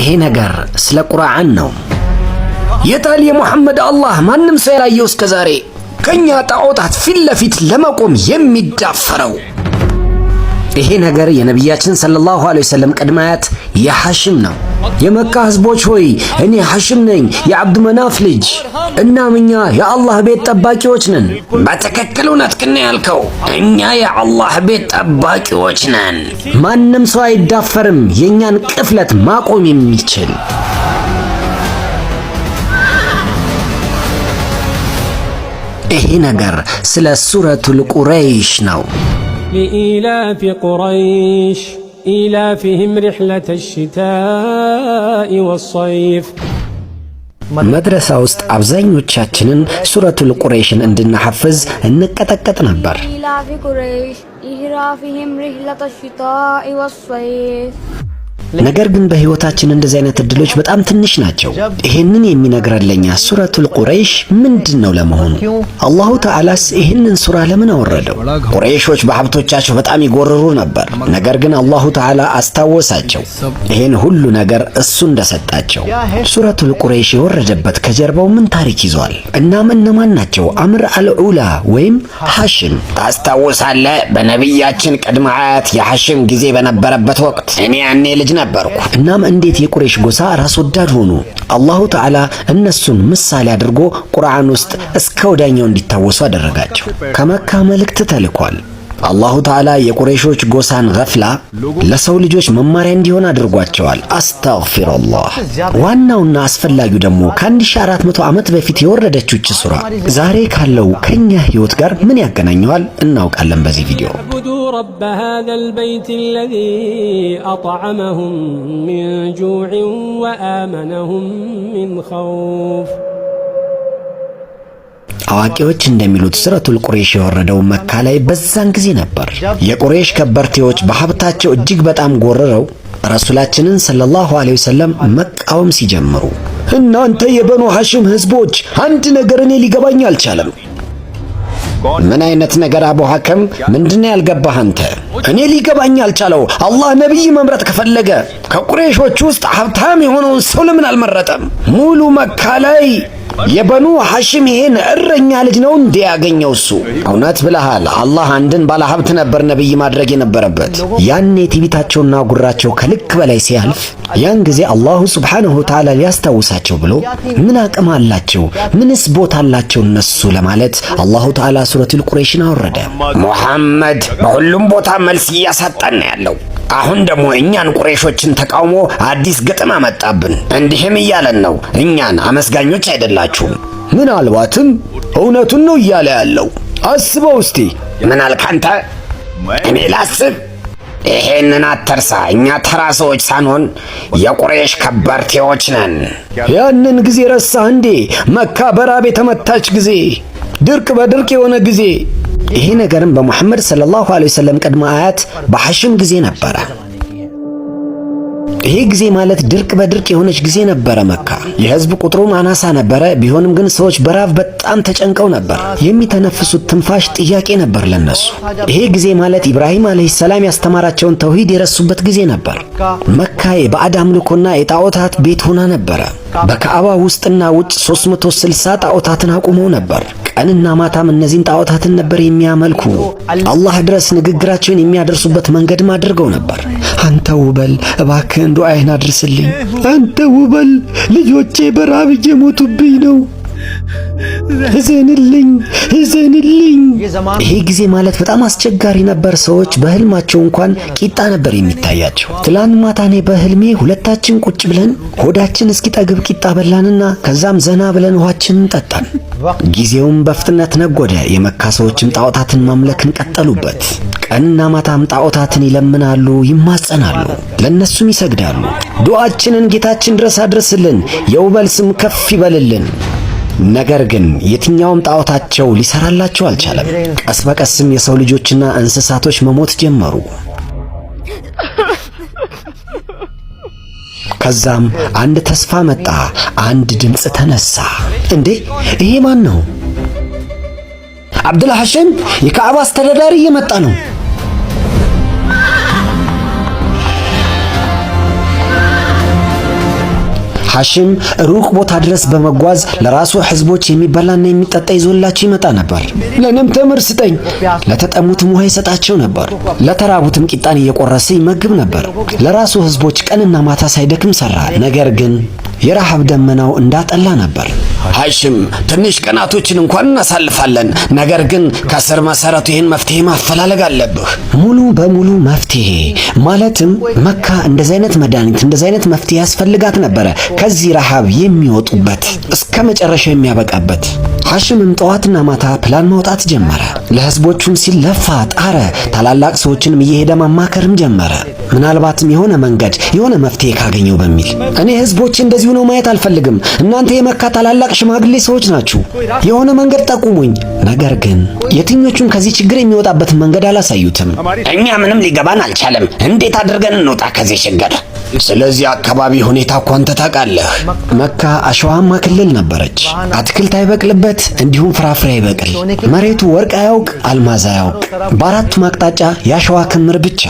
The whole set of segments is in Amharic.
ይሄ ነገር ስለ ቁርአን ነው። የጣል የሙሐመድ አላህ ማንም ሰው ያላየው እስከ ዛሬ ከእኛ ጣዖታት ፊት ለፊት ለመቆም የሚዳፈረው ይሄ ነገር የነቢያችን ሰለላሁ ዐለይሂ ወሰለም ቅድመ አያት የሐሽም ነው። የመካ ህዝቦች ሆይ እኔ ሐሽም ነኝ የዐብዱ መናፍ ልጅ፣ እናም እኛ የአላህ ቤት ጠባቂዎች ነን። በትክክል እውነትህን ያልከው፣ እኛ የአላህ ቤት ጠባቂዎች ነን። ማንም ሰው አይዳፈርም የእኛን ቅፍለት ማቆም የሚችል ይሄ ነገር ስለ ሱረቱል ቁረይሽ ነው። لإيلاف قريش إيلافهم رحلة الشتاء والصيف መድረሳ ውስጥ አብዛኞቻችንን ሱረቱል ቁረይሽን እንድናሐፍዝ እንቀጠቀጥ ነበር። ነገር ግን በህይወታችን እንደዚህ አይነት እድሎች በጣም ትንሽ ናቸው። ይሄንን የሚነግረን ሱረቱል ቁረይሽ ምንድን ነው ለመሆኑ? አላሁ ተዓላስ ይህንን ሱራ ለምን አወረደው? ቁረይሾች በሀብቶቻቸው በጣም ይጎርሩ ነበር። ነገር ግን አላሁ ተዓላ አስታወሳቸው ይህን ሁሉ ነገር እሱ እንደሰጣቸው። ሱረቱል ቁረይሽ የወረደበት ከጀርባው ምን ታሪክ ይዟል? እናም እነማን ናቸው አምር አልዑላ ወይም ሐሽም? ታስታውሳለህ? በነቢያችን ቅድመ አያት የሐሽም ጊዜ በነበረበት ወቅት እኔ ያኔ ልጅ ነበርኩ። እናም እንዴት የቁሬሽ ጎሳ ራስ ወዳድ ሆኑ? አላሁ ተዓላ እነሱን ምሳሌ አድርጎ ቁርአን ውስጥ እስከ ወዳኛው እንዲታወሱ አደረጋቸው። ከመካ መልእክት ተልኳል። አላሁ ተዓላ የቁረይሾች ጎሳን ገፍላ ለሰው ልጆች መማሪያ እንዲሆን አድርጓቸዋል። አስተግፊሩላህ። ዋናውና አስፈላጊው ደግሞ ከ1400 ዓመት በፊት የወረደችው ይህች ሱራ ዛሬ ካለው ከኛ ህይወት ጋር ምን ያገናኘዋል እናውቃለን። በዚህ ቪዲዮ አጠዓመሁም ሚን ጁዕን ወአመነሁም ሚን ኸውፍ አዋቂዎች እንደሚሉት ስረቱል ቁሬሽ የወረደው መካ ላይ በዛን ጊዜ ነበር። የቁሬሽ ከበርቴዎች በሀብታቸው እጅግ በጣም ጎርረው ረሱላችንን ሰለላሁ ዐለይሂ ወሰለም መቃወም ሲጀምሩ፣ እናንተ የበኑ ሐሽም ህዝቦች አንድ ነገር እኔ ሊገባኝ አልቻለም። ምን አይነት ነገር አቡ ሐከም፣ ምንድነው ያልገባህ አንተ? እኔ ሊገባኝ አልቻለው። አላህ ነቢይ መምረጥ ከፈለገ ከቁሬሾች ውስጥ ሀብታም የሆነውን ሰው ለምን አልመረጠም? ሙሉ መካ ላይ የበኑ ሐሽም ይሄን እረኛ ልጅ ነው እንዴ ያገኘው? እሱ እውነት ብለሃል። አላህ አንድን ባለ ሀብት ነበር ነብይ ማድረግ የነበረበት። ያኔ ትዕቢታቸውና ጉራቸው ከልክ በላይ ሲያልፍ፣ ያን ጊዜ አላሁ ሱብሓነሁ ወተዓላ ሊያስታውሳቸው ብሎ ምን አቅም አላቸው? ምንስ ቦታ አላቸው እነሱ ለማለት አላሁ ተዓላ ሱረቱል ቁረይሽን አወረደ። ሙሐመድ በሁሉም ቦታ መልስ እያሳጣን ያለው። አሁን ደግሞ እኛን ቁሬሾችን ተቃውሞ አዲስ ግጥም አመጣብን። እንዲህም እያለን ነው እኛን አመስጋኞች አይደላችሁም። ምናልባትም እውነቱን ነው እያለ ያለው። አስበው እስቲ። ምን አልክ አንተ? እኔ ላስብ። ይሄንን አትርሳ። እኛ ተራ ሰዎች ሳንሆን የቁሬሽ ከበርቴዎች ነን። ያንን ጊዜ ረሳህ እንዴ? መካ በራብ የተመታች ጊዜ፣ ድርቅ በድርቅ የሆነ ጊዜ ይሄ ነገርም በሙሐመድ ሰለላሁ ዐለይሂ ወሰለም ቅድመ አያት በሐሽም ጊዜ ነበረ። ይሄ ጊዜ ማለት ድርቅ በድርቅ የሆነች ጊዜ ነበረ። መካ የህዝብ ቁጥሩም አናሳ ነበረ። ቢሆንም ግን ሰዎች በራብ በጣም ተጨንቀው ነበር። የሚተነፍሱት ትንፋሽ ጥያቄ ነበር ለነሱ። ይሄ ጊዜ ማለት ኢብራሂም አለይሂ ሰላም ያስተማራቸውን ተውሂድ የረሱበት ጊዜ ነበር። መካ የባዕድ አምልኮና የጣዖታት ቤት ሆና ነበረ። በካዕባ ውስጥና ውጭ 360 ጣዖታትን አቁመው ነበር። ቀንና ማታም እነዚህን ጣዖታትን ነበር የሚያመልኩ። አላህ ድረስ ንግግራቸውን የሚያደርሱበት መንገድም አድርገው ነበር። አንተው በል እባክህ ዱዓይን አድርስልኝ። አንተ ውበል፣ ልጆቼ በረሃብ እየሞቱብኝ ነው። እዘንልኝ፣ እዘን ይሄ ጊዜ ማለት በጣም አስቸጋሪ ነበር። ሰዎች በህልማቸው እንኳን ቂጣ ነበር የሚታያቸው። ትላንት ማታ እኔ በህልሜ ሁለታችን ቁጭ ብለን ሆዳችን እስኪጠግብ ቂጣ በላንና ከዛም ዘና ብለን ውሃችንን ጠጣን። ጊዜውም በፍጥነት ነጎደ። የመካ ሰዎችም ጣዖታትን ማምለክን ቀጠሉበት። ቀንና ማታም ጣዖታትን ይለምናሉ፣ ይማጸናሉ፣ ለእነሱም ይሰግዳሉ። ዱዓችንን ጌታችን ድረስ አድርስልን፣ የውበል ስም ከፍ ይበልልን። ነገር ግን የትኛውም ጣዖታቸው ሊሰራላቸው አልቻለም። ቀስ በቀስም የሰው ልጆችና እንስሳቶች መሞት ጀመሩ። ከዛም አንድ ተስፋ መጣ። አንድ ድምፅ ተነሳ። እንዴ ይሄ ማን ነው? አብዱል ሐሺም የካዕባ አስተዳዳሪ እየመጣ ነው። ሐሽም ሩቅ ቦታ ድረስ በመጓዝ ለራሱ ህዝቦች የሚበላና የሚጠጣ ይዞላቸው ይመጣ ነበር። ለእኔም ተምር ስጠኝ፣ ለተጠሙትም ውሃ ይሰጣቸው ነበር። ለተራቡትም ቂጣን እየቆረሰ ይመግብ ነበር። ለራሱ ህዝቦች ቀንና ማታ ሳይደክም ሰራ። ነገር ግን የረሃብ ደመናው እንዳጠላ ነበር። አይሽም ትንሽ ቀናቶችን እንኳን እናሳልፋለን። ነገር ግን ከስር መሰረቱ ይህን መፍትሄ ማፈላለግ አለብህ። ሙሉ በሙሉ መፍትሄ ማለትም መካ እንደዚህ አይነት መድኃኒት፣ እንደዚህ አይነት መፍትሄ ያስፈልጋት ነበረ ከዚህ ረሃብ የሚወጡበት እስከ መጨረሻ የሚያበቃበት። ሐሽምም ጠዋትና ማታ ፕላን ማውጣት ጀመረ። ለህዝቦቹም ሲለፋ ጣረ። ታላላቅ ሰዎችንም እየሄደ ማማከርም ጀመረ። ምናልባትም የሆነ መንገድ የሆነ መፍትሄ ካገኘው በሚል እኔ ህዝቦች እንደዚሁ ነው ማየት አልፈልግም። እናንተ የመካ ታላላቅ ሽማግሌ ሰዎች ናችሁ። የሆነ መንገድ ጠቁሙኝ። ነገር ግን የትኞቹም ከዚህ ችግር የሚወጣበትን መንገድ አላሳዩትም። እኛ ምንም ሊገባን አልቻለም። እንዴት አድርገን እንውጣ ከዚህ ችግር? ስለዚህ አካባቢ ሁኔታ እኮ አንተ ታውቃለህ። መካ አሸዋማ ክልል ነበረች። አትክልት አይበቅልበት፣ እንዲሁም ፍራፍሬ አይበቅል። መሬቱ ወርቅ አያውቅ፣ አልማዝ አያውቅ። በአራቱ አቅጣጫ የአሸዋ ክምር ብቻ።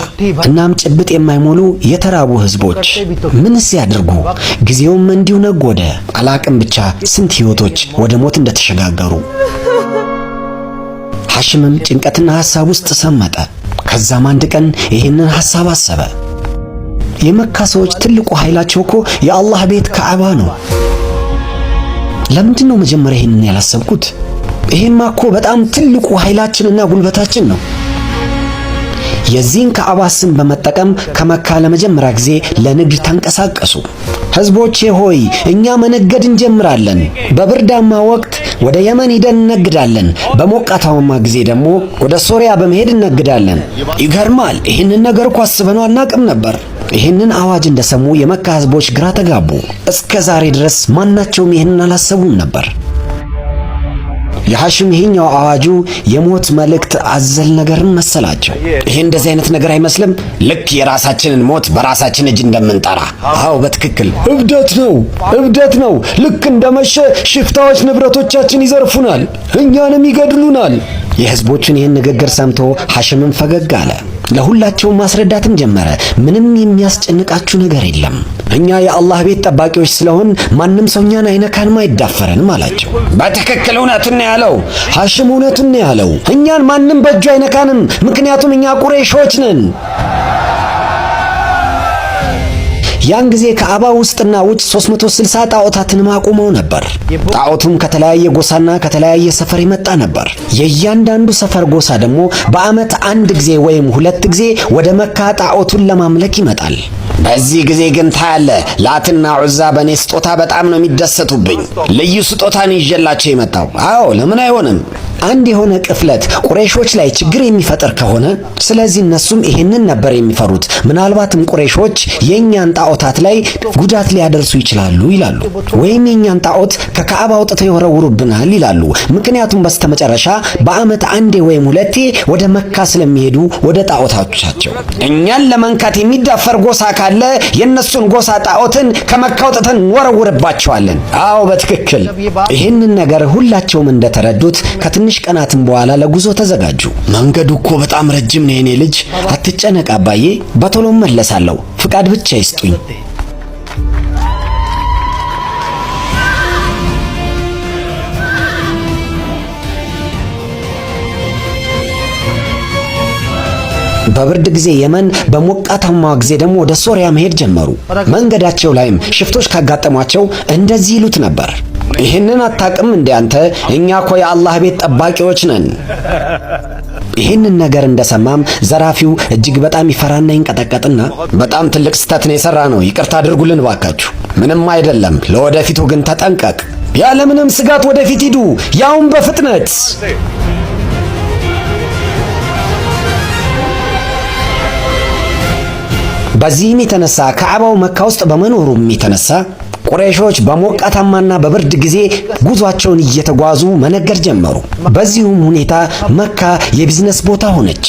እናም ጭብጥ የማይሞሉ የተራቡ ህዝቦች ምንስ ያድርጉ? ጊዜውም እንዲሁ ነጎደ። አላቅም ብቻ ስንት ህይወቶች ወደ ሞት እንደተሸጋገሩ ሐሽምም ጭንቀትና ሐሳብ ውስጥ ሰመጠ። ከዛም አንድ ቀን ይህንን ሐሳብ አሰበ። የመካ ሰዎች ትልቁ ኃይላቸው እኮ የአላህ ቤት ከአባ ነው። ለምንድን ነው መጀመሪያ ይህንን ያላሰብኩት? ይሄማ እኮ በጣም ትልቁ ኃይላችንና ጉልበታችን ነው። የዚህን ካዕባ ስም በመጠቀም ከመካ ለመጀመሪያ ጊዜ ለንግድ ተንቀሳቀሱ። ሕዝቦቼ ሆይ እኛ መነገድ እንጀምራለን። በብርዳማ ወቅት ወደ የመን ሂደን እነግዳለን። በሞቃታማ ጊዜ ደግሞ ወደ ሶሪያ በመሄድ እነግዳለን። ይገርማል። ይህንን ነገር እኮ አስበነው አናቅም ነበር። ይህንን አዋጅ እንደሰሙ የመካ ህዝቦች ግራ ተጋቡ። እስከ ዛሬ ድረስ ማናቸውም ይህንን አላሰቡም ነበር። የሐሽም ይሄኛው አዋጁ የሞት መልእክት አዘል ነገርን መሰላቸው። ይሄ እንደዚህ አይነት ነገር አይመስልም? ልክ የራሳችንን ሞት በራሳችን እጅ እንደምንጠራ። አዎ በትክክል እብደት ነው፣ እብደት ነው። ልክ እንደመሸ ሽፍታዎች ንብረቶቻችን ይዘርፉናል፣ እኛንም ይገድሉናል። የህዝቦችን ይህን ንግግር ሰምቶ ሐሽምም ፈገግ አለ። ለሁላቸውም ማስረዳትም ጀመረ። ምንም የሚያስጨንቃችሁ ነገር የለም፣ እኛ የአላህ ቤት ጠባቂዎች ስለሆን ማንም ሰው እኛን አይነካንም፣ አይዳፈረንም አላቸው። በትክክል እውነቱን ያለው ሐሽም፣ እውነቱን ያለው። እኛን ማንም በእጁ አይነካንም፣ ምክንያቱም እኛ ቁረይሾች ነን። ያን ጊዜ ከአባ ውስጥና ውጭ 360 ጣዖታትን ማቆመው ነበር። ጣዖቱም ከተለያየ ጎሳና ከተለያየ ሰፈር ይመጣ ነበር። የእያንዳንዱ ሰፈር ጎሳ ደግሞ በዓመት አንድ ጊዜ ወይም ሁለት ጊዜ ወደ መካ ጣዖቱን ለማምለክ ይመጣል። በዚህ ጊዜ ግን ታያለ ላትና ዑዛ በእኔ ስጦታ በጣም ነው የሚደሰቱብኝ። ልዩ ስጦታን ይዤላቸው የመጣው አዎ፣ ለምን አይሆንም? አንድ የሆነ ቅፍለት ቁረይሾች ላይ ችግር የሚፈጥር ከሆነ ስለዚህ እነሱም ይሄንን ነበር የሚፈሩት። ምናልባትም ቁረይሾች የእኛን ጣዖታት ላይ ጉዳት ሊያደርሱ ይችላሉ ይላሉ፣ ወይም የእኛን ጣዖት ከካዕባ አውጥተው ይወረውሩብናል ይላሉ። ምክንያቱም በስተመጨረሻ በአመት አንዴ ወይም ሁለቴ ወደ መካ ስለሚሄዱ ወደ ጣዖታቻቸው እኛን ለመንካት የሚዳፈር ጎሳ ካለ የእነሱን ጎሳ ጣዖትን ከመካ አውጥተን እንወረውርባቸዋለን። አዎ በትክክል ይህንን ነገር ሁላቸውም እንደተረዱት ከትንሽ ከትንሽ ቀናትም በኋላ ለጉዞ ተዘጋጁ። መንገዱ እኮ በጣም ረጅም ነው የኔ ልጅ፣ አትጨነቅ አባዬ፣ በቶሎ መለሳለሁ። ፍቃድ ብቻ ይስጡኝ። በብርድ ጊዜ የመን በሞቃታማ ጊዜ ደግሞ ወደ ሶሪያ መሄድ ጀመሩ። መንገዳቸው ላይም ሽፍቶች ካጋጠሟቸው እንደዚህ ይሉት ነበር። ይህንን አታቅም እንዴ አንተ? እኛ እኮ የአላህ ቤት ጠባቂዎች ነን። ይህንን ነገር እንደሰማም ዘራፊው እጅግ በጣም ይፈራና ይንቀጠቀጥና በጣም ትልቅ ስህተት ነው የሰራ ነው፣ ይቅርታ አድርጉልን ባካችሁ። ምንም አይደለም፣ ለወደፊቱ ግን ተጠንቀቅ። ያለምንም ስጋት ወደፊት ሂዱ፣ ያውም በፍጥነት። በዚህም የተነሳ ከዕባው መካ ውስጥ በመኖሩም የተነሳ ቁረይሾች በሞቃታማና በብርድ ጊዜ ጉዟቸውን እየተጓዙ መነገድ ጀመሩ። በዚሁም ሁኔታ መካ የቢዝነስ ቦታ ሆነች።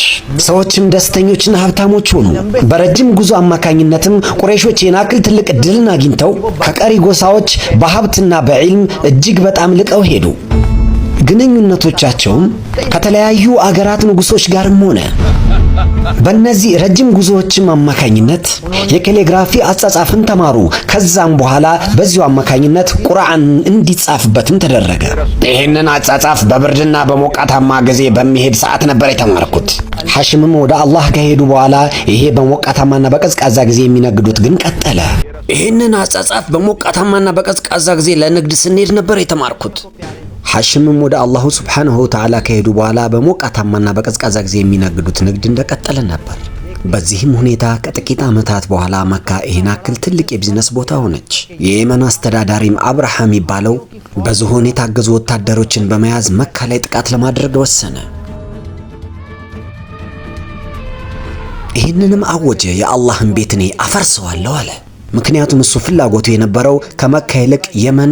ሰዎችም ደስተኞችና ሀብታሞች ሆኑ። በረጅም ጉዞ አማካኝነትም ቁረይሾች የናክል ትልቅ እድልን አግኝተው ከቀሪ ጎሳዎች በሀብትና በዕልም እጅግ በጣም ልቀው ሄዱ። ግንኙነቶቻቸውም ከተለያዩ አገራት ንጉሶች ጋርም ሆነ በእነዚህ ረጅም ጉዞዎችም አማካኝነት የካሊግራፊ አጻጻፍን ተማሩ። ከዛም በኋላ በዚሁ አማካኝነት ቁርአን እንዲጻፍበትም ተደረገ። ይህንን አጻጻፍ በብርድና በሞቃታማ ጊዜ በሚሄድ ሰዓት ነበር የተማርኩት። ሐሽምም ወደ አላህ ከሄዱ በኋላ ይሄ በሞቃታማና በቀዝቃዛ ጊዜ የሚነግዱት ግን ቀጠለ። ይህንን አጻጻፍ በሞቃታማና በቀዝቃዛ ጊዜ ለንግድ ስንሄድ ነበር የተማርኩት። ሐሽምም ወደ አላሁ ስብሓንሁ ወተዓላ ከሄዱ በኋላ በሞቃታማና በቀዝቃዛ ጊዜ የሚነግዱት ንግድ እንደቀጠለ ነበር። በዚህም ሁኔታ ከጥቂት ዓመታት በኋላ መካ ይህን አክል ትልቅ የቢዝነስ ቦታ ሆነች። የየመን አስተዳዳሪም አብርሃ የሚባለው በዝሆን የታገዙ ወታደሮችን በመያዝ መካ ላይ ጥቃት ለማድረግ ወሰነ። ይህንንም አወጀ። የአላህን ቤት እኔ አፈርሰዋለሁ አለ። ምክንያቱም እሱ ፍላጎቱ የነበረው ከመካ ይልቅ የመን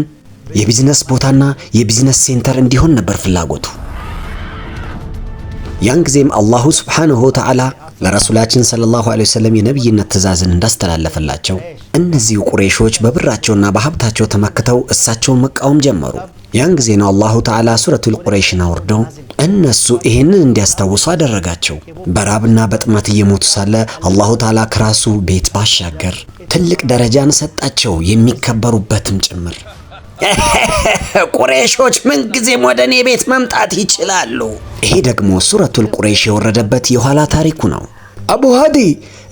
የቢዝነስ ቦታና የቢዝነስ ሴንተር እንዲሆን ነበር ፍላጎቱ። ያን ጊዜም አላሁ ሱብሓነሁ ወተዓላ ለረሱላችን ሰለላሁ ዐለይሂ ወሰለም የነቢይነት ትእዛዝን እንዳስተላለፈላቸው እነዚህ ቁሬሾች በብራቸውና በሀብታቸው ተመክተው እሳቸውን መቃወም ጀመሩ። ያን ጊዜ ነው አላሁ ተዓላ ሱረቱል ቁረይሽን አውርደው እነሱ ይህንን እንዲያስታውሱ አደረጋቸው። በራብና በጥማት እየሞቱ ሳለ አላሁ ተዓላ ከራሱ ቤት ባሻገር ትልቅ ደረጃን ሰጣቸው የሚከበሩበትም ጭምር። ቁሬሾች ምንጊዜም ወደ እኔ ቤት መምጣት ይችላሉ። ይሄ ደግሞ ሱረቱል ቁሬሽ የወረደበት የኋላ ታሪኩ ነው። አቡ ሃዲ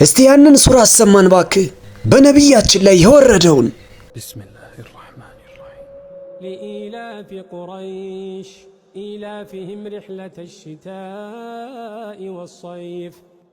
እስቲ ያንን ሱራ አሰማን ባክህ፣ በነቢያችን ላይ የወረደውን لإيلاف قريش إيلافهم رحلة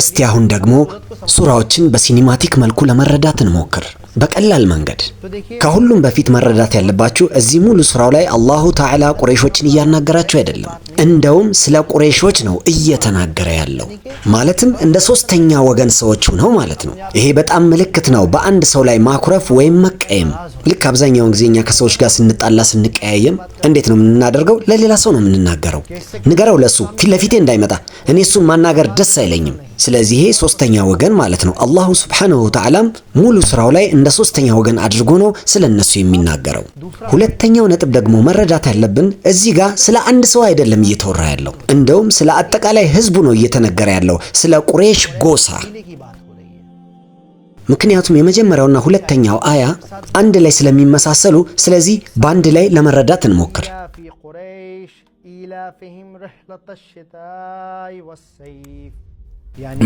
እስቲ አሁን ደግሞ ሱራዎችን በሲኒማቲክ መልኩ ለመረዳት እንሞክር፣ በቀላል መንገድ። ከሁሉም በፊት መረዳት ያለባችሁ እዚህ ሙሉ ሱራው ላይ አላሁ ተዓላ ቁረይሾችን እያናገራቸው አይደለም። እንደውም ስለ ቁረይሾች ነው እየተናገረ ያለው፣ ማለትም እንደ ሶስተኛ ወገን ሰዎች ሁነው ማለት ነው። ይሄ በጣም ምልክት ነው፣ በአንድ ሰው ላይ ማኩረፍ ወይም መቀየም። ልክ አብዛኛውን ጊዜ እኛ ከሰዎች ጋር ስንጣላ ስንቀያየም እንዴት ነው የምናደርገው? ለሌላ ሰው ነው የምንናገረው። ንገረው፣ ለሱ ፊት ለፊቴ እንዳይመጣ፣ እኔ እሱን ማናገር ደስ አይለኝም ስለዚህ ይሄ ሶስተኛ ወገን ማለት ነው። አላሁ ስብሓነሁ ወተዓላም ሙሉ ስራው ላይ እንደ ሶስተኛ ወገን አድርጎ ነው ስለ እነሱ የሚናገረው። ሁለተኛው ነጥብ ደግሞ መረዳት ያለብን እዚህ ጋር ስለ አንድ ሰው አይደለም እየተወራ ያለው፣ እንደውም ስለ አጠቃላይ ህዝቡ ነው እየተነገረ ያለው፣ ስለ ቁሬሽ ጎሳ። ምክንያቱም የመጀመሪያውና ሁለተኛው አያ አንድ ላይ ስለሚመሳሰሉ፣ ስለዚህ በአንድ ላይ ለመረዳት እንሞክር። ኢላ ፊሂም ረህለተ ሽታኢ ወሰይፍ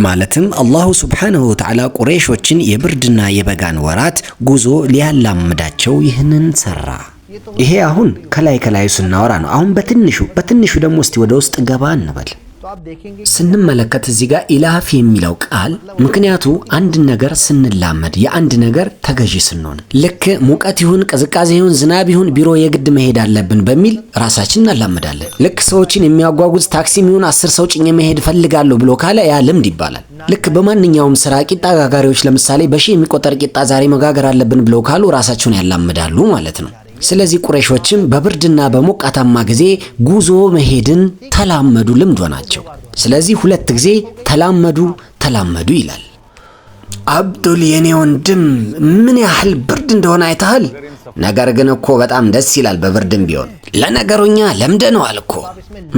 ማለትም አላሁ ሱብሓነሁ ወተዓላ ቁረይሾችን የብርድና የበጋን ወራት ጉዞ ሊያላምዳቸው ይህንን ሰራ። ይሄ አሁን ከላይ ከላዩ ስናወራ ነው። አሁን በትንሹ በትንሹ ደግሞ እስቲ ወደ ውስጥ ገባ እንበል። ስንመለከት እዚህ ጋር ኢላፍ የሚለው ቃል ምክንያቱ አንድ ነገር ስንላመድ የአንድ ነገር ተገዢ ስንሆን ልክ ሙቀት ይሁን ቅዝቃዜ ይሁን ዝናብ ይሁን ቢሮ የግድ መሄድ አለብን በሚል ራሳችን እናላመዳለን። ልክ ሰዎችን የሚያጓጉዝ ታክሲም ይሁን አስር ሰው ጭኜ መሄድ ፈልጋለሁ ብሎ ካለ ያ ልምድ ይባላል። ልክ በማንኛውም ስራ ቂጣ ጋጋሪዎች ለምሳሌ በሺህ የሚቆጠር ቂጣ ዛሬ መጋገር አለብን ብለው ካሉ ራሳቸውን ያላምዳሉ ማለት ነው። ስለዚህ ቁረይሾችም በብርድና በሞቃታማ ጊዜ ጉዞ መሄድን ተላመዱ፣ ልምዶ ናቸው። ስለዚህ ሁለት ጊዜ ተላመዱ ተላመዱ ይላል። አብዱል የኔ ወንድም ምን ያህል ብርድ እንደሆነ አይተሃል። ነገር ግን እኮ በጣም ደስ ይላል በብርድም ቢሆን። ለነገሩኛ ለምደነዋል እኮ።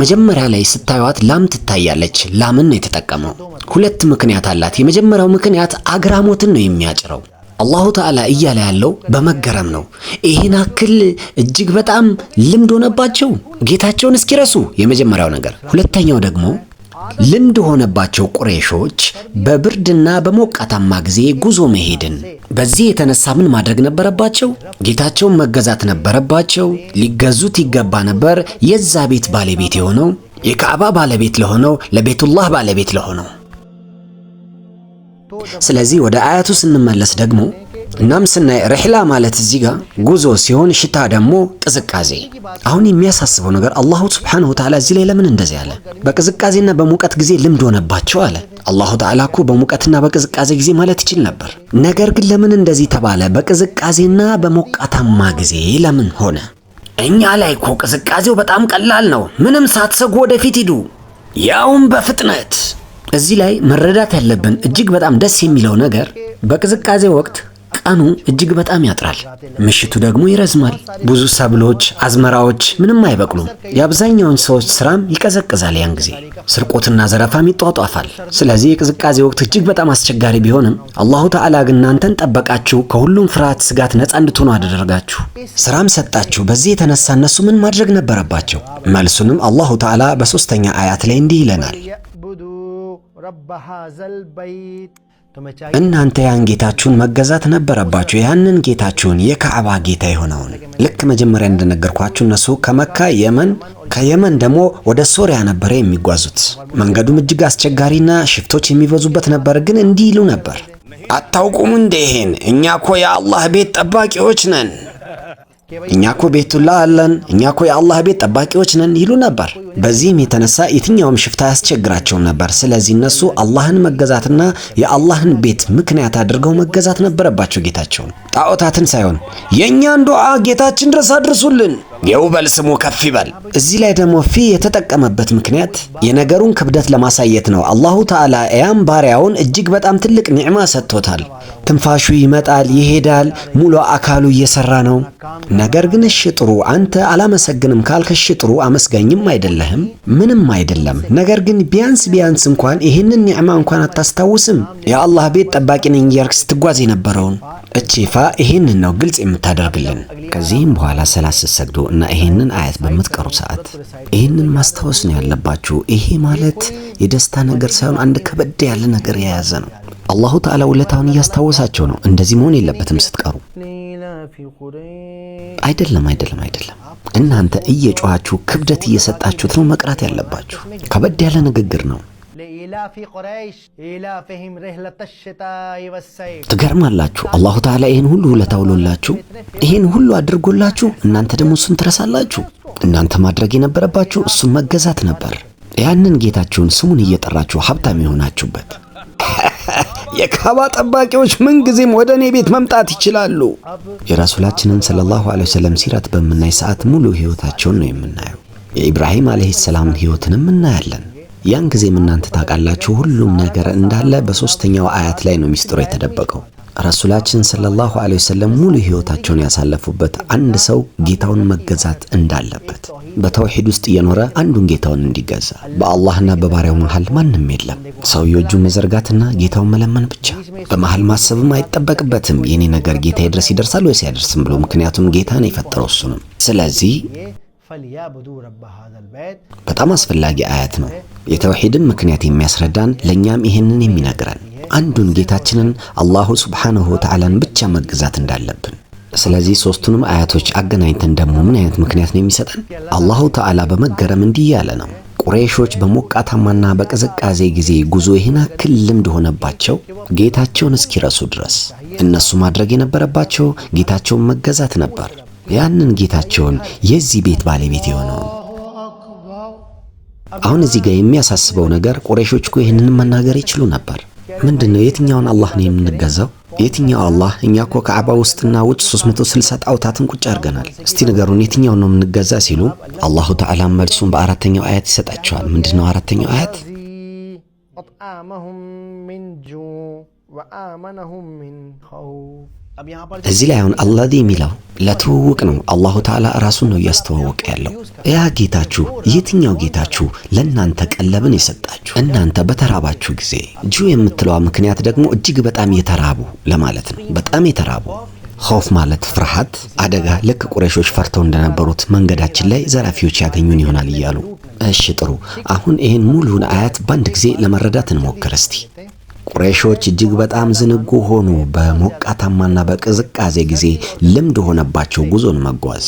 መጀመሪያ ላይ ስታዩት ላም ትታያለች። ላምን ነው የተጠቀመው። ሁለት ምክንያት አላት። የመጀመሪያው ምክንያት አግራሞትን ነው የሚያጭረው። አላሁ ተዓላ እያለ ያለው በመገረም ነው። ይህን አክል እጅግ በጣም ልምድ ሆነባቸው ጌታቸውን እስኪረሱ፣ የመጀመሪያው ነገር። ሁለተኛው ደግሞ ልምድ ሆነባቸው ቁሬሾች በብርድና በሞቃታማ ጊዜ ጉዞ መሄድን። በዚህ የተነሳ ምን ማድረግ ነበረባቸው? ጌታቸውን መገዛት ነበረባቸው። ሊገዙት ይገባ ነበር የዛ ቤት ባለቤት የሆነው የካዕባ ባለቤት ለሆነው ለቤቱላህ ባለቤት ለሆነው ስለዚህ ወደ አያቱ ስንመለስ ደግሞ እናም ስናይ ርሕላ ማለት እዚህ ጋ ጉዞ ሲሆን ሽታ ደግሞ ቅዝቃዜ። አሁን የሚያሳስበው ነገር አላሁ ስብሓነሁ ወተዓላ እዚህ ላይ ለምን እንደዚህ አለ? በቅዝቃዜና በሙቀት ጊዜ ልምድ ሆነባቸው አለ። አላሁ ተዓላ እኮ በሙቀትና በቅዝቃዜ ጊዜ ማለት ይችል ነበር። ነገር ግን ለምን እንደዚህ ተባለ? በቅዝቃዜና በሞቃታማ ጊዜ ለምን ሆነ? እኛ ላይ እኮ ቅዝቃዜው በጣም ቀላል ነው። ምንም ሳትሰጉ ወደፊት ሂዱ፣ ያውም በፍጥነት እዚህ ላይ መረዳት ያለብን እጅግ በጣም ደስ የሚለው ነገር በቅዝቃዜ ወቅት ቀኑ እጅግ በጣም ያጥራል፣ ምሽቱ ደግሞ ይረዝማል። ብዙ ሰብሎች፣ አዝመራዎች ምንም አይበቅሉም። የአብዛኛውን ሰዎች ስራም ይቀዘቅዛል። ያን ጊዜ ስርቆትና ዘረፋም ይጧጧፋል። ስለዚህ የቅዝቃዜ ወቅት እጅግ በጣም አስቸጋሪ ቢሆንም አላሁ ተዓላ ግን እናንተን ጠበቃችሁ፣ ከሁሉም ፍርሃት፣ ስጋት ነፃ እንድትሆኑ አደረጋችሁ፣ ስራም ሰጣችሁ። በዚህ የተነሳ እነሱ ምን ማድረግ ነበረባቸው? መልሱንም አላሁ ተዓላ በሶስተኛ አያት ላይ እንዲህ ይለናል። እናንተ ያን ጌታችሁን መገዛት ነበረባችሁ። ያንን ጌታችሁን የካዕባ ጌታ የሆነውን ልክ መጀመሪያ እንደነገርኳችሁ እነሱ ከመካ የመን፣ ከየመን ደግሞ ወደ ሶሪያ ነበረ የሚጓዙት። መንገዱም እጅግ አስቸጋሪና ሽፍቶች የሚበዙበት ነበር። ግን እንዲህ ይሉ ነበር፣ አታውቁም እንደ ይሄን እኛ እኮ የአላህ ቤት ጠባቂዎች ነን እኛ ኮ ቤቱላ አለን፣ እኛ ኮ የአላህ ቤት ጠባቂዎች ነን ይሉ ነበር። በዚህም የተነሳ የትኛውም ሽፍታ ያስቸግራቸውም ነበር። ስለዚህ እነሱ አላህን መገዛትና የአላህን ቤት ምክንያት አድርገው መገዛት ነበረባቸው ጌታቸውን፣ ጣዖታትን ሳይሆን። የእኛን ዱዓ ጌታችን ድረስ አድርሱልን የውበል ስሙ ከፍ ይበል። እዚህ ላይ ደግሞ ፊ የተጠቀመበት ምክንያት የነገሩን ክብደት ለማሳየት ነው። አላሁ ተዓላ ያም ባሪያውን እጅግ በጣም ትልቅ ኒዕማ ሰጥቶታል። ትንፋሹ ይመጣል ይሄዳል፣ ሙሉ አካሉ እየሰራ ነው። ነገር ግን እሺ ጥሩ አንተ አላመሰግንም ካልክ እሺ ጥሩ አመስጋኝም አይደለህም ምንም አይደለም። ነገር ግን ቢያንስ ቢያንስ እንኳን ይህንን ኒዕማ እንኳን አታስታውስም። የአላህ ቤት ጠባቂ ነኝ እያልክ ስትጓዝ የነበረውን እቺፋ ይሄንን ነው ግልጽ የምታደርግልን። ከዚህም በኋላ ሰላት ስትሰግዱ እና ይሄንን አያት በምትቀሩ ሰዓት ይሄንን ማስታወስ ነው ያለባችሁ። ይሄ ማለት የደስታ ነገር ሳይሆን አንድ ከበድ ያለ ነገር የያዘ ነው። አላሁ ተዓላ ውለታውን እያስታወሳቸው ነው። እንደዚህ መሆን የለበትም ስትቀሩ። አይደለም አይደለም አይደለም። እናንተ እየጮኋችሁ ክብደት እየሰጣችሁት ነው መቅራት ያለባችሁ። ከበድ ያለ ንግግር ነው። ትገርማላችሁ። አላሁ ተዓላ ይህን ሁሉ ውለታ ውሎላችሁ፣ ይህን ሁሉ አድርጎላችሁ፣ እናንተ ደግሞ እሱን ትረሳላችሁ። እናንተ ማድረግ የነበረባችሁ እሱን መገዛት ነበር። ያንን ጌታችሁን ስሙን እየጠራችሁ ሀብታም የሆናችሁበት የካባ ጠባቂዎች ምንጊዜም ወደ እኔ ቤት መምጣት ይችላሉ። የረሱላችንን ሰለላሁ ዐለይሂ ወሰለም ሲረት በምናይ ሰዓት ሙሉ ሕይወታቸውን ነው የምናየው። የኢብራሂም ዓለይሂ ሰላምን ሕይወትንም እናያለን። ያን ጊዜም እናንተ ታውቃላችሁ ሁሉም ነገር እንዳለ በሶስተኛው አያት ላይ ነው ሚስጥሩ የተደበቀው። ረሱላችን ሰለላሁ ዐለይሂ ወሰለም ሙሉ ህይወታቸውን ያሳለፉበት አንድ ሰው ጌታውን መገዛት እንዳለበት በተውሂድ ውስጥ እየኖረ አንዱን ጌታውን እንዲገዛ በአላህና በባሪያው መሃል ማንም የለም። ሰው እጁን መዘርጋትና ጌታውን መለመን ብቻ፣ በመሃል ማሰብም አይጠበቅበትም። የኔ ነገር ጌታ ድረስ ይደርሳል ወይስ አይደርስም ብሎ ምክንያቱም ጌታ ነው እሱ እሱንም ስለዚህ በጣም አስፈላጊ አያት ነው። የተውሂድን ምክንያት የሚያስረዳን ለእኛም ይህንን የሚነግረን አንዱን ጌታችንን አላሁ ስብሓንሁ ወተዓላን ብቻ መገዛት እንዳለብን። ስለዚህ ሦስቱንም አያቶች አገናኝተን ደግሞ ምን አይነት ምክንያት ነው የሚሰጠን? አላሁ ተዓላ በመገረም እንዲህ ያለ ነው ቁረይሾች በሞቃታማና በቅዝቃዜ ጊዜ ጉዞ ይህን አክል ልምድ ሆነባቸው ጌታቸውን እስኪረሱ ድረስ እነሱ ማድረግ የነበረባቸው ጌታቸውን መገዛት ነበር። ያንን ጌታቸውን የዚህ ቤት ባለቤት የሆነው አሁን እዚህ ጋር የሚያሳስበው ነገር ቁረይሾች እኮ ይህንን መናገር ይችሉ ነበር። ምንድን ነው የትኛውን አላህ ነው የምንገዛው? የትኛው አላህ? እኛ እኮ ከአባ ውስጥና ውጭ 360 ጣውታትን ቁጭ አድርገናል። እስቲ ንገሩን የትኛውን ነው የምንገዛ ሲሉ አላሁ ተዓላ መልሱን በአራተኛው አያት ይሰጣቸዋል። ምንድን ነው አራተኛው አያት? ሚን ወአመነሁም ሚን ኸውፍ እዚህ ላይ አሁን አላዚ የሚለው ለትውውቅ ነው። አላሁ ተዓላ ራሱን ነው እያስተዋወቀ ያለው። ያ ጌታችሁ፣ የትኛው ጌታችሁ ለእናንተ ቀለብን የሰጣችሁ እናንተ በተራባችሁ ጊዜ። ጁ የምትለዋ ምክንያት ደግሞ እጅግ በጣም የተራቡ ለማለት ነው። በጣም የተራቡ ኸውፍ ማለት ፍርሃት፣ አደጋ። ልክ ቁረይሾች ፈርተው እንደነበሩት መንገዳችን ላይ ዘራፊዎች ያገኙን ይሆናል እያሉ። እሺ ጥሩ፣ አሁን ይህን ሙሉን አያት በአንድ ጊዜ ለመረዳት እንሞክር እስቲ ቁረይሾች እጅግ በጣም ዝንጉ ሆኑ። በሞቃታማና በቅዝቃዜ ጊዜ ልምድ ሆነባቸው ጉዞን መጓዝ።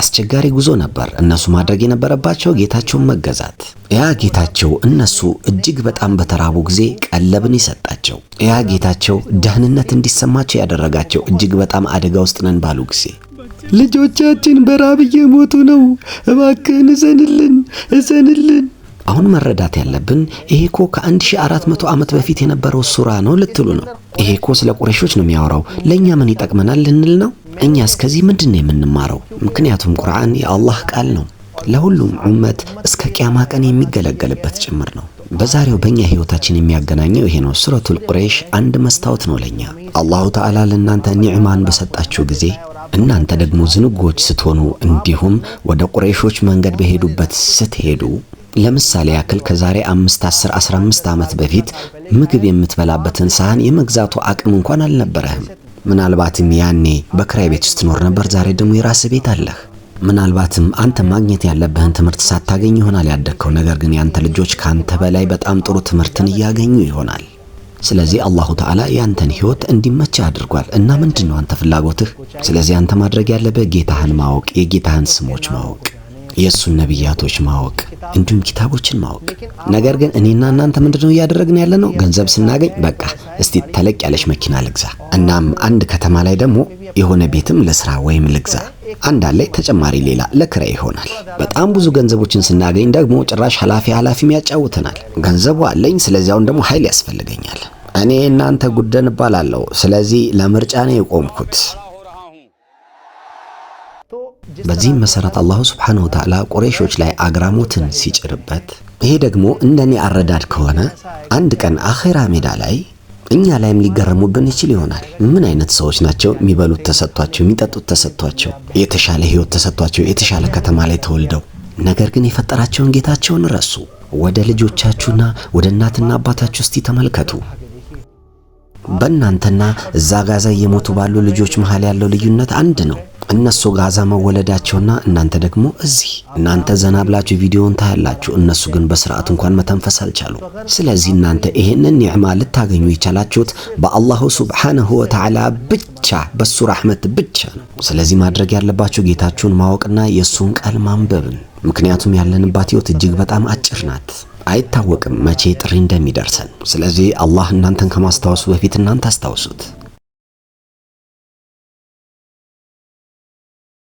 አስቸጋሪ ጉዞ ነበር። እነሱ ማድረግ የነበረባቸው ጌታቸውን መገዛት። ያ ጌታቸው እነሱ እጅግ በጣም በተራቡ ጊዜ ቀለብን ይሰጣቸው። ያ ጌታቸው ደህንነት እንዲሰማቸው ያደረጋቸው እጅግ በጣም አደጋ ውስጥ ነን ባሉ ጊዜ ልጆቻችን በራብ እየሞቱ ነው፣ እባክህን እዘንልን፣ እዘንልን አሁን መረዳት ያለብን ይሄ እኮ ከ1400 ዓመት በፊት የነበረው ሱራ ነው ልትሉ ነው። ይሄ እኮ ስለ ቁረሾች ነው የሚያወራው፣ ለእኛ ምን ይጠቅመናል ልንል ነው። እኛ እስከዚህ ምንድን ነው የምንማረው? ምክንያቱም ቁርአን የአላህ ቃል ነው፣ ለሁሉም ኡመት እስከ ቅያማ ቀን የሚገለገልበት ጭምር ነው። በዛሬው በእኛ ህይወታችን የሚያገናኘው ይሄ ነው። ሱረቱል ቁረይሽ አንድ መስታወት ነው ለኛ። አላሁ ተዓላ ለእናንተ ኒዕማን በሰጣችሁ ጊዜ እናንተ ደግሞ ዝንጎች ስትሆኑ፣ እንዲሁም ወደ ቁረይሾች መንገድ በሄዱበት ስትሄዱ ለምሳሌ ያክል ከዛሬ 5፣ 10፣ 15 ዓመት በፊት ምግብ የምትበላበትን ሳህን የመግዛቱ አቅም እንኳን አልነበረህም። ምናልባትም ያኔ በክራይ ቤት ውስጥ ትኖር ነበር። ዛሬ ደግሞ የራስ ቤት አለህ። ምናልባትም አንተ ማግኘት ያለብህን ትምህርት ሳታገኝ ይሆናል ያደግከው። ነገር ግን ያንተ ልጆች ካንተ በላይ በጣም ጥሩ ትምህርትን እያገኙ ይሆናል። ስለዚህ አላሁ ተዓላ ያንተን ህይወት እንዲመች አድርጓል እና ምንድን ነው አንተ ፍላጎትህ? ስለዚህ አንተ ማድረግ ያለብህ ጌታህን ማወቅ፣ የጌታህን ስሞች ማወቅ የእሱን ነቢያቶች ማወቅ እንዲሁም ኪታቦችን ማወቅ። ነገር ግን እኔና እናንተ ምንድነው እያደረግን ያለ ነው? ገንዘብ ስናገኝ በቃ እስቲ ተለቅ ያለች መኪና ልግዛ፣ እናም አንድ ከተማ ላይ ደግሞ የሆነ ቤትም ለስራ ወይም ልግዛ አንዳንድ ላይ ተጨማሪ ሌላ ለክራይ ይሆናል። በጣም ብዙ ገንዘቦችን ስናገኝ ደግሞ ጭራሽ ኃላፊ ኃላፊም ያጫውተናል። ገንዘቡ አለኝ፣ ስለዚያውን አሁን ደግሞ ኃይል ያስፈልገኛል። እኔ እናንተ ጉደን እባላለሁ። ስለዚህ ለምርጫ ነው የቆምኩት። በዚህም መሰረት አላሁ ስብሓነሁ ወተዓላ ቁረይሾች ላይ አግራሞትን ሲጭርበት፣ ይሄ ደግሞ እንደኔ አረዳድ ከሆነ አንድ ቀን አኼራ ሜዳ ላይ እኛ ላይም ሊገረሙብን ይችል ይሆናል። ምን አይነት ሰዎች ናቸው? የሚበሉት ተሰጥቷቸው፣ የሚጠጡት ተሰጥቷቸው፣ የተሻለ ህይወት ተሰጥቷቸው፣ የተሻለ ከተማ ላይ ተወልደው ነገር ግን የፈጠራቸውን ጌታቸውን ረሱ። ወደ ልጆቻችሁና ወደ እናትና አባታችሁ እስቲ ተመልከቱ። በእናንተና እዛ ጋዛ እየሞቱ ባሉ ልጆች መሃል ያለው ልዩነት አንድ ነው። እነሱ ጋዛ መወለዳቸውና እናንተ ደግሞ እዚህ። እናንተ ዘና ብላችሁ ቪዲዮን ታያላችሁ፣ እነሱ ግን በስርዓት እንኳን መተንፈስ አልቻሉ። ስለዚህ እናንተ ይሄንን ኒዕማ ልታገኙ የቻላችሁት በአላሁ ሱብሓነሁ ወተዓላ ብቻ፣ በሱ ራህመት ብቻ ነው። ስለዚህ ማድረግ ያለባችሁ ጌታችሁን ማወቅና የእሱን ቃል ማንበብን። ምክንያቱም ያለንባት ህይወት እጅግ በጣም አጭር ናት። አይታወቅም መቼ ጥሪ እንደሚደርሰን። ስለዚህ አላህ እናንተን ከማስታወሱ በፊት እናንተ አስታውሱት።